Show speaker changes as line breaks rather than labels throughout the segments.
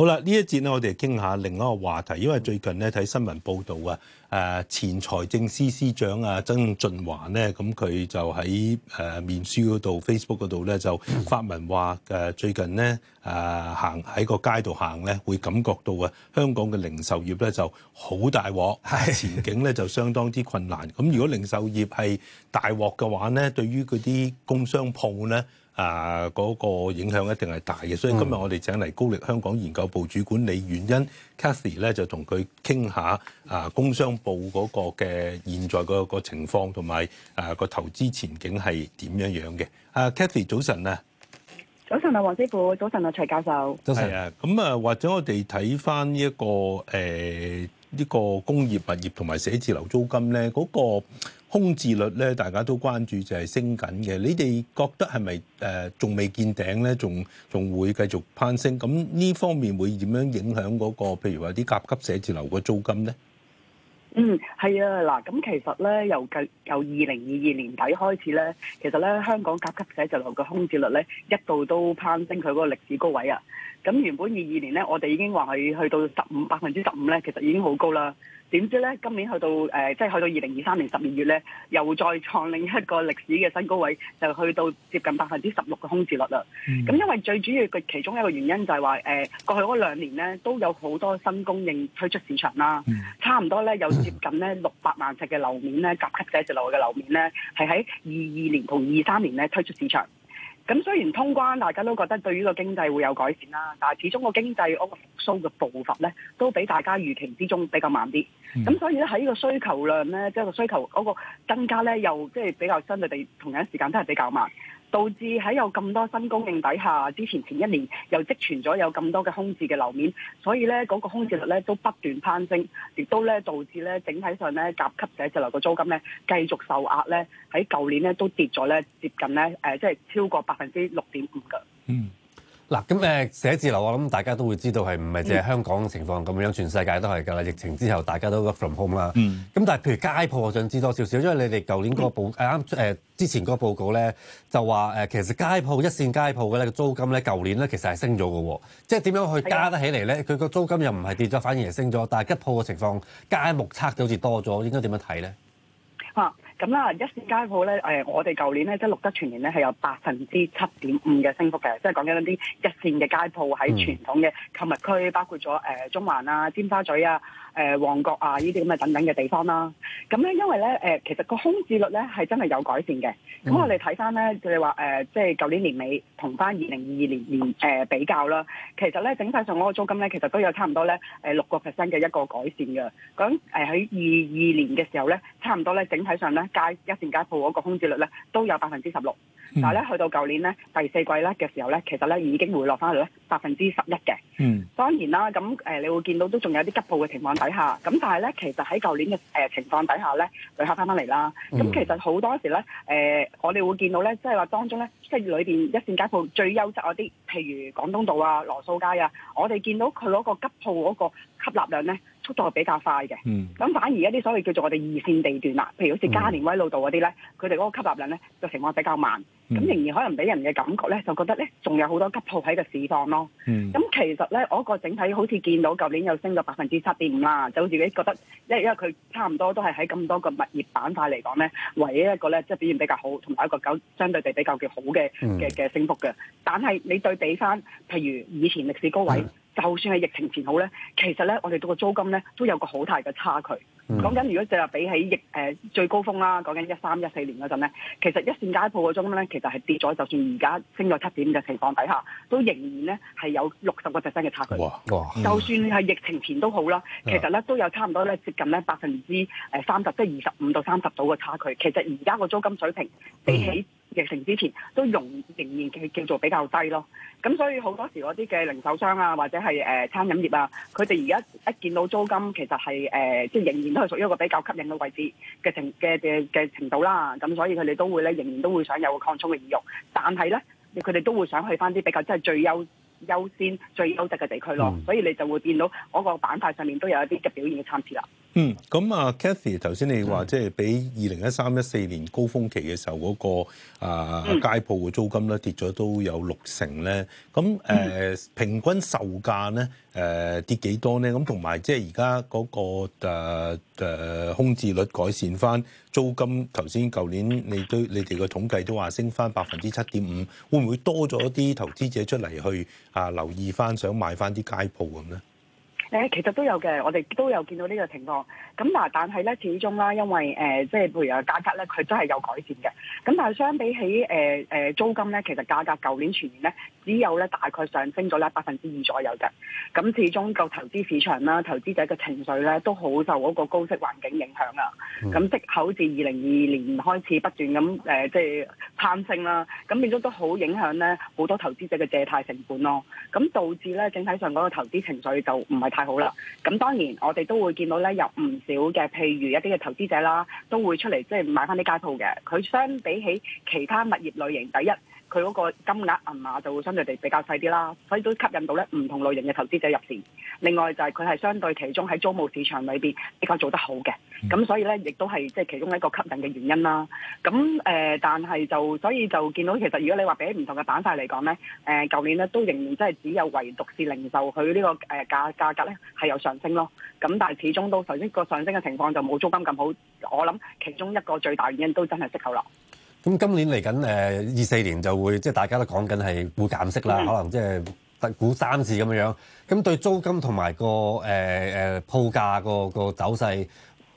好啦，呢一節咧，我哋傾下另一個話題，因為最近咧睇新聞報道啊，誒前財政司司長啊曾俊華咧，咁佢就喺誒面書嗰度、Facebook 嗰度咧就發文話誒最近咧誒行喺個街度行咧，會感覺到啊香港嘅零售業咧就好大鑊，前景咧就相當之困難。咁 如果零售業係大鑊嘅話咧，對於嗰啲工商鋪咧。啊！嗰、那個影響一定係大嘅，所以今日我哋請嚟高力香港研究部主管李婉茵 Cathy 咧就同佢傾下啊，工商舖嗰個嘅現在、那個情況同埋啊個投資前景係點樣樣嘅？啊，Cathy 早晨啊，早晨啊，黃
師傅，早晨啊，徐教
授。早晨啊，咁啊，或者我哋睇翻呢一個誒呢、呃這個工業物業同埋寫字樓租金咧嗰、那個。空置率咧，大家都關注就係升緊嘅。你哋覺得係咪誒仲未見頂咧？仲仲會繼續攀升？咁呢方面會點樣影響嗰個？譬如話啲甲級寫字樓嘅租金咧？
嗯，係啊，嗱，咁其實咧，由近由二零二二年底開始咧，其實咧香港甲級寫字樓嘅空置率咧，一度都攀升佢嗰個歷史高位啊。咁原本二二年咧，我哋已經話佢去到十五百分之十五咧，其實已經好高啦。點知咧？今年去到誒，即、呃、係、就是、去到二零二三年十二月咧，又再創另一個歷史嘅新高位，就去到接近百分之十六嘅空置率啦。咁、嗯、因為最主要嘅其中一個原因就係話誒，過去嗰兩年咧都有好多新供應推出市場啦，嗯、差唔多咧有接近咧六百萬尺嘅樓面咧，甲級寫字樓嘅樓面咧，係喺二二年同二三年咧推出市場。咁雖然通關大家都覺得對於個經濟會有改善啦，但係始終個經濟嗰個復甦嘅步伐咧，都比大家預期之中比較慢啲。咁、嗯、所以咧喺呢個需求量咧，即係個需求嗰個增加咧，又即係比較相對地同樣時間都係比較慢。導致喺有咁多新供應底下，之前前一年又積存咗有咁多嘅空置嘅樓面，所以咧嗰個空置率咧都不斷攀升，亦都咧導致咧整體上咧甲級寫字樓嘅租金咧繼續受壓咧，喺舊年咧都跌咗咧接近咧誒，即係超過百分之六點五㗎。嗯。
嗱，咁誒、呃、寫字樓我諗大家都會知道係唔係淨係香港嘅情況咁樣，嗯、全世界都係㗎啦。疫情之後大家都 work from home 啦，咁、嗯、但係譬如街鋪我想知多少少，因為你哋舊年嗰個報誒啱誒之前嗰個報告咧就話誒、呃、其實街鋪一線街鋪嘅咧租金咧舊年咧其實係升咗嘅喎，即係點樣去加得起嚟咧？佢個的租金又唔係跌咗，反而係升咗，但係吉鋪嘅情況街目測就好似多咗，應該點樣睇咧？
啊咁啦，一線街鋪咧，誒，我哋舊年咧，即係錄得全年咧係有百分之七點五嘅升幅嘅，即係講緊啲一線嘅街鋪喺傳統嘅購物區，包括咗誒、呃、中環啊、尖沙咀啊、誒、呃、旺角啊呢啲咁嘅等等嘅地方啦。咁咧，因為咧，誒、呃，其實個空置率咧係真係有改善嘅。咁我哋睇翻咧，佢哋話誒，即係舊年年尾同翻二零二二年年誒、呃、比較啦，其實咧整體上嗰個租金咧，其實都有差唔多咧，誒六個 percent 嘅一個改善嘅。咁誒喺二二年嘅時候咧，差唔多咧整體上咧。街一線街鋪嗰個空置率咧都有百分之十六，嗯、但係咧去到舊年咧第四季咧嘅時候咧，其實咧已經回落翻去咧百分之十一嘅。嗯、當然啦，咁誒、呃、你會見到都仲有啲急鋪嘅情況底下，咁但係咧其實喺舊年嘅誒、呃、情況底下咧，旅客翻翻嚟啦，咁、嗯嗯、其實好多時咧誒、呃、我哋會見到咧，即係話當中咧即係裏邊一線街鋪最優質嗰啲，譬如廣東道啊、羅素街啊，我哋見到佢嗰個急鋪嗰個吸納量咧。速度係比較快嘅，咁、嗯、反而一啲所謂叫做我哋二線地段啦，譬如好似加連威老道嗰啲咧，佢哋嗰個吸納量咧就情況比較慢，咁、嗯、仍然可能俾人嘅感覺咧，就覺得咧仲有好多吉舖喺個市況咯。咁、嗯、其實咧，我個整體好似見到舊年又升咗百分之七點五啦，就好自己覺得，一因為佢差唔多都係喺咁多個物業板塊嚟講咧，唯一一個咧即係表現比較好，同埋一個較相對地比，比較嘅好嘅嘅嘅升幅嘅。嗯、但係你對比翻，譬如以前歷史高位。就算係疫情前好咧，其實咧我哋到個租金咧都有個好大嘅差距。講緊，嗯、如果就係比起疫，誒、呃、最高峰啦，講緊一三一四年嗰陣咧，其實一線街鋪嘅租金咧其實係跌咗，就算而家升咗七點嘅情況底下，都仍然咧係有六十個 percent 嘅差距。哇！哇！就算係疫情前都好啦，其實咧、嗯、都有差唔多咧接近咧百分之誒三十，即係二十五到三十度嘅差距。其實而家個租金水平比起、嗯疫情之前都容仍然叫做比較低咯，咁所以好多時嗰啲嘅零售商啊，或者係誒、呃、餐飲業啊，佢哋而家一見到租金其實係誒、呃、即係仍然都係屬於一個比較吸引嘅位置嘅程嘅嘅嘅程度啦，咁所以佢哋都會咧仍然都會想有個擴充嘅意欲，但係咧佢哋都會想去翻啲比較即係最優優先最優質嘅地區咯，嗯、所以你就會見到嗰個板塊上面都有一啲嘅表現嘅參差啦。
嗯，咁啊，Kathy，頭先你話即係比二零一三一四年高峰期嘅時候嗰、那個啊、呃、街鋪嘅租金咧跌咗都有六成咧，咁誒、呃、平均售價咧誒跌幾多咧？咁同埋即係而家嗰個誒、呃呃、空置率改善翻，租金頭先舊年你都你哋嘅統計都話升翻百分之七點五，會唔會多咗啲投資者出嚟去啊、呃、留意翻想買翻啲街鋪咁咧？
誒，其實都有嘅，我哋都有見到呢個情況。咁嗱，但係咧，始終啦，因為誒，即係譬如啊，價格咧，佢都係有改善嘅。咁但係相比起誒誒、呃呃、租金咧，其實價格舊年全年咧，只有咧大概上升咗咧百分之二左右嘅。咁始終個投資市場啦，投資者嘅情緒咧，都好受嗰個高息環境影響啦。咁、嗯、即好似二零二二年開始不斷咁誒，即係。貪性啦、啊，咁變咗都好影響咧好多投資者嘅借貸成本咯、啊，咁導致咧整體上嗰個投資情緒就唔係太好啦。咁當然我哋都會見到咧有唔少嘅譬如一啲嘅投資者啦，都會出嚟即係買翻啲街鋪嘅，佢相比起其他物業類型，第一。佢嗰個金額銀碼就會相對地比較細啲啦，所以都吸引到咧唔同類型嘅投資者入市。另外就係佢係相對其中喺租務市場裏邊比較做得好嘅，咁、嗯、所以咧亦都係即係其中一個吸引嘅原因啦。咁誒、呃，但係就所以就見到其實如果你話俾唔同嘅板塊嚟講咧，誒、呃、舊年咧都仍然即係只有唯獨是零售佢呢、這個誒價、呃、價格咧係有上升咯。咁但係始終都首先個上升嘅情況就冇租金咁好，我諗其中一個最大原因都真係息口咯。
咁今年嚟緊誒二四年就會即係大家都講緊係會減息啦，嗯、可能即係得估三次咁樣。咁對租金同埋、個誒誒、呃、鋪價個個走勢，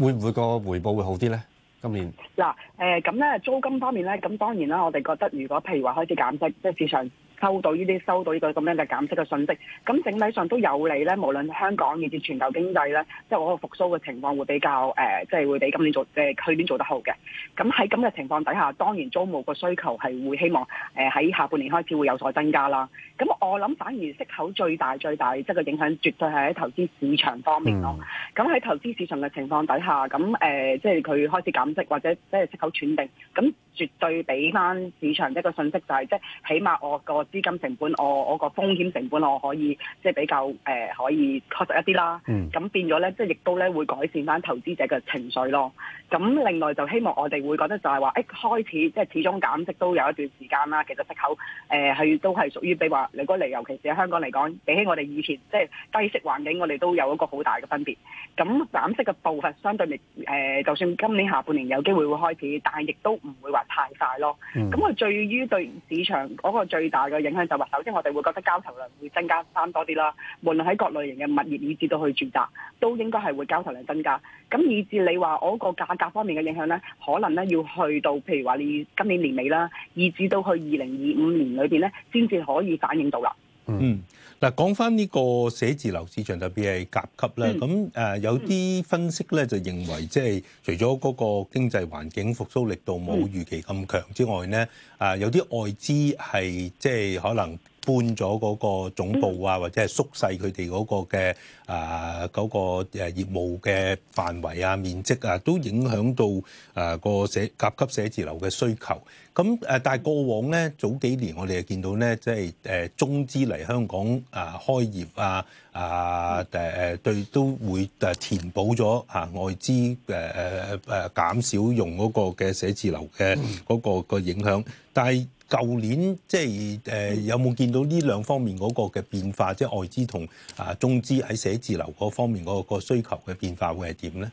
會唔會個回報會好啲咧？今年
嗱誒咁咧，租金方面咧，咁當然啦，我哋覺得如果譬如話開始減息，即係市場。收到呢啲，收到呢個咁樣嘅減息嘅訊息，咁整體上都有利咧。無論香港以至全球經濟咧，即、就、係、是、我個復甦嘅情況會比較誒，即、呃、係、就是、會比今年做誒、就是、去年做得好嘅。咁喺咁嘅情況底下，當然租務個需求係會希望誒喺、呃、下半年開始會有所增加啦。咁我我諗反而息口最大最大即係個影響絕對係喺投資市場方面咯。咁喺、mm. 投資市場嘅情況底下，咁誒即係佢開始減息或者即係息口轉定咁。絕對俾翻市場一個信息，就係即係起碼我個資金成本，我我個風險成本，我可以即係比較誒、呃、可以確實一啲啦。咁、嗯、變咗咧，即係亦都咧會改善翻投資者嘅情緒咯。咁另外就希望我哋會覺得就係話，誒、呃、開始即係始終減息都有一段時間啦。其實息口誒係、呃、都係屬於比話，你嗰嚟尤其是喺香港嚟講，比起我哋以前即係低息環境，我哋都有一個好大嘅分別。咁減息嘅步伐相對嚟誒、呃，就算今年下半年有機會會開始，但係亦都唔會話。太快咯，咁佢、嗯、至於對市場嗰、嗰個最大嘅影響就話，首先我哋會覺得交投量會增加翻多啲啦。無論喺各類型嘅物業，以至到去住宅，都應該係會交投量增加。咁以至你話我個價格方面嘅影響咧，可能咧要去到，譬如話你今年年尾啦，以至到去二零二五年裏邊咧，先至可以反映到啦。嗯。
嗱，講翻呢個寫字樓市場特別係甲級啦，咁誒有啲分析咧就認為，即係除咗嗰個經濟環境復甦力度冇預期咁強之外咧，誒有啲外資係即係可能。搬咗嗰個總部啊，或者係縮細佢哋嗰個嘅啊嗰、嗰個誒業務嘅範圍啊、面積啊，都影響到誒、啊、個寫甲級寫字樓嘅需求。咁、啊、誒，但係過往咧早幾年我哋就見到咧，即係誒中資嚟香港誒、啊啊、開業啊啊誒誒，對都會誒填補咗嚇、啊、外資誒誒、啊啊、減少用嗰個嘅寫字樓嘅嗰、嗰個、嗯、個影響，但係。舊年即係誒、呃，有冇見到呢兩方面嗰個嘅變化，即係外資同啊中資喺寫字樓嗰方面嗰、嗰個嗰個需求嘅變化會係點咧？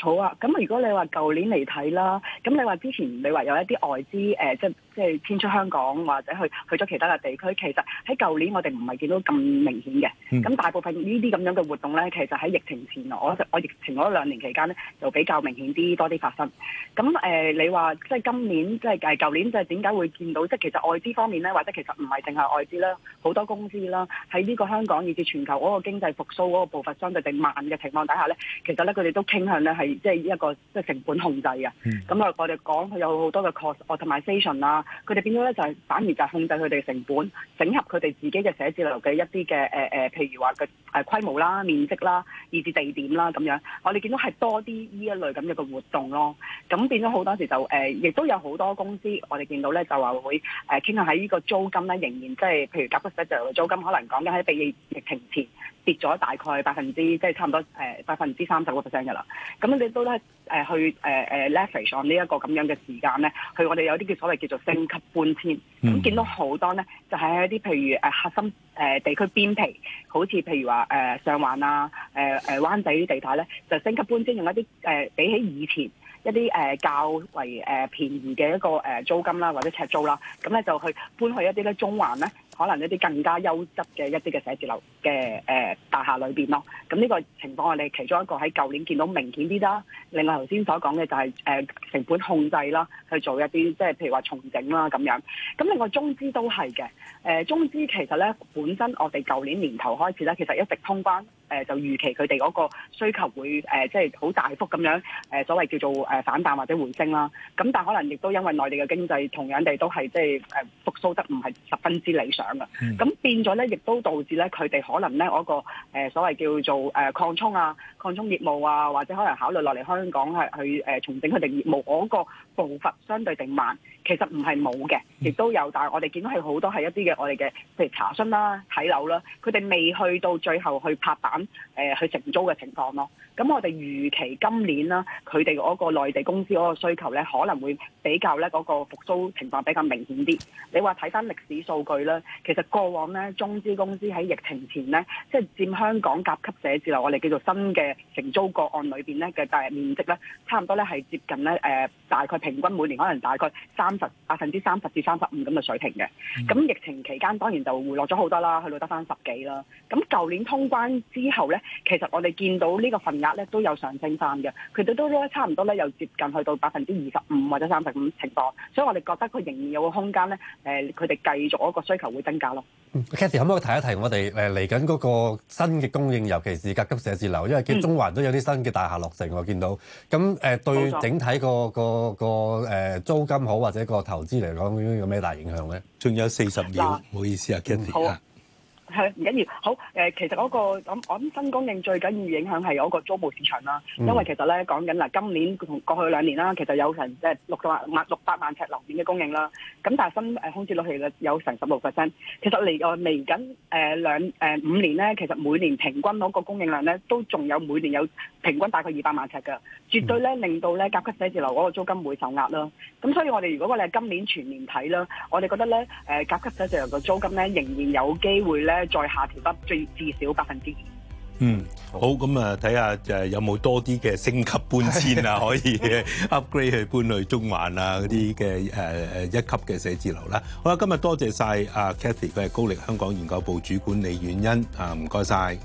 好啊，咁如果你話舊年嚟睇啦，咁你話之前你話有一啲外資誒、呃、即係。即係遷出香港或者去去咗其他嘅地區，其實喺舊年我哋唔係見到咁明顯嘅。咁、嗯、大部分呢啲咁樣嘅活動咧，其實喺疫情前我我疫情嗰兩年期間咧，就比較明顯啲多啲發生。咁誒、呃，你話即係今年，即係誒舊年，即係點解會見到？即係其實外資方面咧，或者其實唔係淨係外資啦，好多公司啦，喺呢個香港以至全球嗰個經濟復甦嗰個步伐相對定慢嘅情況底下咧，其實咧佢哋都傾向咧係即係一個即係成本控制啊。咁啊、嗯，嗯、我哋講佢有好多嘅 cost o p t 啦。佢哋變咗咧就係反而就控制佢哋嘅成本，整合佢哋自己嘅寫字樓嘅一啲嘅誒誒，譬如話嘅誒規模啦、面積啦、以至地點啦咁樣。我哋見到係多啲呢一類咁嘅活動咯。咁變咗好多時就誒，亦、呃、都有好多公司，我哋見到咧就話會誒傾向喺呢個租金咧，仍然即、就、係、是、譬如甲骨室就租金可能講緊喺比疫情前跌咗大概百分之即係、就是、差唔多誒百分之三十個 percent 嘅啦。咁你都咧。誒去誒誒、uh, uh, leverage on 呢一個咁樣嘅時間咧，去我哋有啲叫所謂叫做升級搬遷，咁見到好多咧，就係、是、喺一啲譬如誒、啊、核心誒、啊、地區邊皮，好似譬如話誒、啊、上環啊、誒、啊、誒灣仔啲地帶咧，就升級搬遷用一啲誒、啊、比起以前，一啲誒較為誒便宜嘅一個誒租金啦，或者呎租啦，咁咧就去搬去一啲咧中環咧，可能一啲更加優質嘅一啲嘅寫字樓嘅誒大廈裏邊咯。咁呢個情況我哋其中一個喺舊年見到明顯啲啦。另外頭先所講嘅就係誒成本控制啦，去做一啲即係譬如話重整啦咁樣。咁另外中資都係嘅，誒中資其實咧本身我哋舊年年頭開始咧，其實一直通關。誒、呃、就預期佢哋嗰個需求會誒即係好大幅咁樣誒、呃、所謂叫做誒、呃、反彈或者回升啦。咁但係可能亦都因為內地嘅經濟同樣地都係即係誒復甦得唔係十分之理想啊。咁、嗯、變咗咧，亦都導致咧佢哋可能咧嗰個所謂叫做誒、呃、擴充啊、擴充業務啊，或者可能考慮落嚟香港係去誒、呃、重整佢哋業務，嗰個步伐相對定慢。其實唔係冇嘅，亦都有，但係我哋見到係好多係一啲嘅我哋嘅譬如查詢啦、睇樓啦，佢哋未去到最後去拍板。誒去承租嘅情況咯，咁我哋預期今年啦，佢哋嗰個內地公司嗰個需求咧，可能會比較咧嗰個復甦情況比較明顯啲。你話睇翻歷史數據咧，其實過往咧中資公司喺疫情前咧，即係佔香港甲級寫字樓我哋叫做新嘅承租個案裏邊咧嘅大面積咧，差唔多咧係接近咧誒大概平均每年可能大概三十百分之三十至三十五咁嘅水平嘅。咁疫情期間當然就回落咗好多啦，去到得翻十幾啦。咁舊年通關之後咧。其實我哋見到呢個份額咧都有上升翻嘅，佢哋都咧差唔多咧又接近去到百分之二十五或者三十五程度。所以我哋覺得佢仍然有個空間咧，誒佢哋繼續嗰個需求會增加咯。
Kathy 可唔可以提一提我哋誒嚟緊嗰個新嘅供應，尤其是甲級寫字樓，因為佢中環都有啲新嘅大廈落成我見到，咁誒、呃、對整體錯個個個誒租金好或者個投資嚟講有咩大影響咧？
仲有四十秒，唔喇好意思啊，Kathy 啊。Cathy 嗯
係唔緊要，好誒、呃，其實嗰、嗰個咁我諗新供應最緊要影響係嗰個租務市場啦，嗯、因為其實咧講緊嗱，今年同過去兩年啦，其實有成誒六百萬六百萬尺樓面嘅供應啦，咁但係新誒空置率係有成十六%。其實嚟個嚟緊誒兩誒、呃、五年咧，其實每年平均嗰個供應量咧，都仲有每年有平均大概二百萬尺㗎，絕對咧令到咧甲級寫字樓嗰個租金會受壓啦。咁所以我哋如果你係今年全年睇啦，我哋覺得咧誒甲級寫字樓嘅租金咧仍然有機會咧。
再下調得最至少百分之二。嗯，好，咁啊睇下誒有冇多啲嘅升級搬遷啊，可以 upgrade 去搬去中環啊嗰啲嘅誒誒一級嘅寫字樓啦。好啦，今日多謝曬阿 Cathy，佢係高力香港研究部主管李婉茵啊，唔該曬。